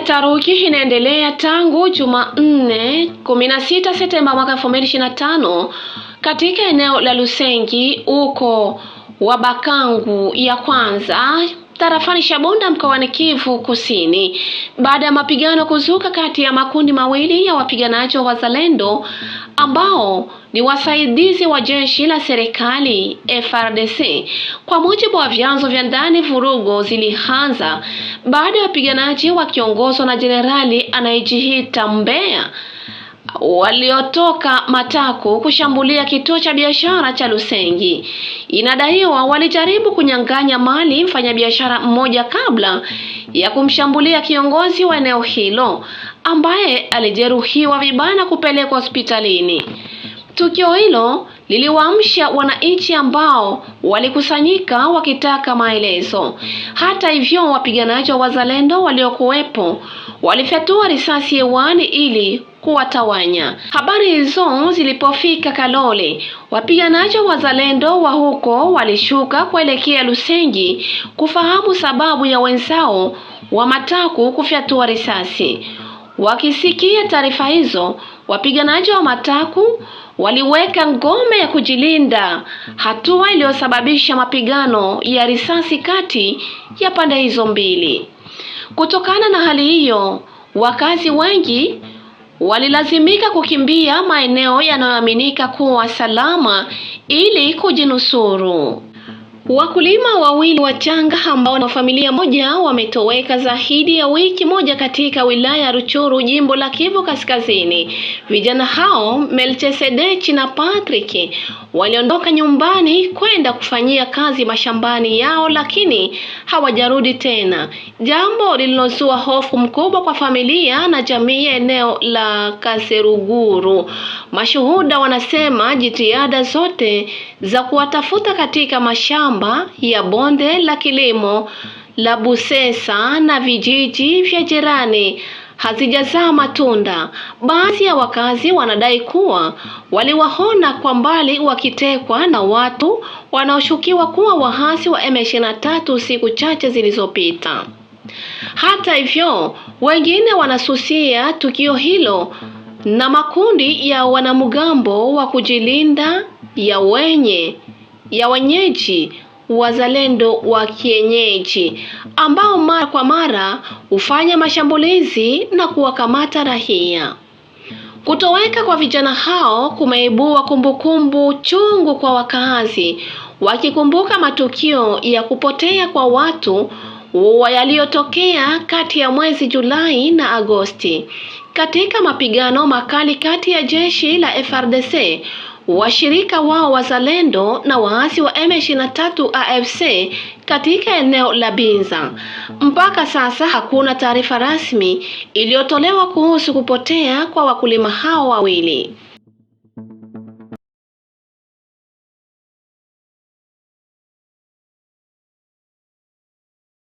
taruki inaendelea tangu Jumanne 16 Septemba mwaka 2025 katika eneo la Lusengi huko Wabakangu ya kwanza tarafani Shabunda mkoani Kivu Kusini baada ya mapigano kuzuka kati ya makundi mawili ya wapiganaji wa wazalendo ambao ni wasaidizi wa jeshi la serikali frdc Kwa mujibu wa vyanzo vya ndani, vurugo zilianza baada ya wapiganaji wakiongozwa na jenerali anayejihita Mbeya waliotoka Matako kushambulia kituo cha biashara cha Lusengi. Inadaiwa walijaribu kunyang'anya mali mfanyabiashara mmoja kabla ya kumshambulia kiongozi wa eneo hilo ambaye alijeruhiwa vibaya na kupelekwa hospitalini. Tukio hilo liliwaamsha wananchi ambao walikusanyika wakitaka maelezo. Hata hivyo, wapiganaji wa wazalendo waliokuwepo walifyatua risasi hewani ili kuwatawanya. Habari hizo zilipofika Kalole, wapiganaji wazalendo wa huko walishuka kuelekea Lusengi kufahamu sababu ya wenzao wa Mataku kufyatua risasi. Wakisikia taarifa hizo, wapiganaji wa Mataku waliweka ngome ya kujilinda, hatua iliyosababisha mapigano ya risasi kati ya pande hizo mbili. Kutokana na hali hiyo, wakazi wengi walilazimika kukimbia maeneo yanayoaminika kuwa salama ili kujinusuru. Wakulima wawili wachanga ambao ni wa familia moja wametoweka zaidi ya wiki moja katika wilaya ya Ruchuru, jimbo la Kivu Kaskazini. Vijana hao melchisedechi na Patrick waliondoka nyumbani kwenda kufanyia kazi mashambani yao, lakini hawajarudi tena, jambo lililozua hofu mkubwa kwa familia na jamii ya eneo la Kaseruguru. Mashuhuda wanasema jitihada zote za kuwatafuta katika mashamba mashamba ya bonde la kilimo la Busesa na vijiji vya jirani hazijazaa matunda. Baadhi ya wakazi wanadai kuwa waliwaona kwa mbali wakitekwa na watu wanaoshukiwa kuwa waasi wa M23 siku chache zilizopita. Hata hivyo, wengine wanasusia tukio hilo na makundi ya wanamgambo wa kujilinda ya wenye ya wenyeji wazalendo wa kienyeji ambao mara kwa mara hufanya mashambulizi na kuwakamata raia. Kutoweka kwa vijana hao kumeibua kumbukumbu chungu kwa wakazi, wakikumbuka matukio ya kupotea kwa watu yaliyotokea kati ya mwezi Julai na Agosti katika mapigano makali kati ya jeshi la frdc washirika wao wazalendo na waasi wa M23 AFC katika eneo la Binza. Mpaka sasa hakuna taarifa rasmi iliyotolewa kuhusu kupotea kwa wakulima hao wawili.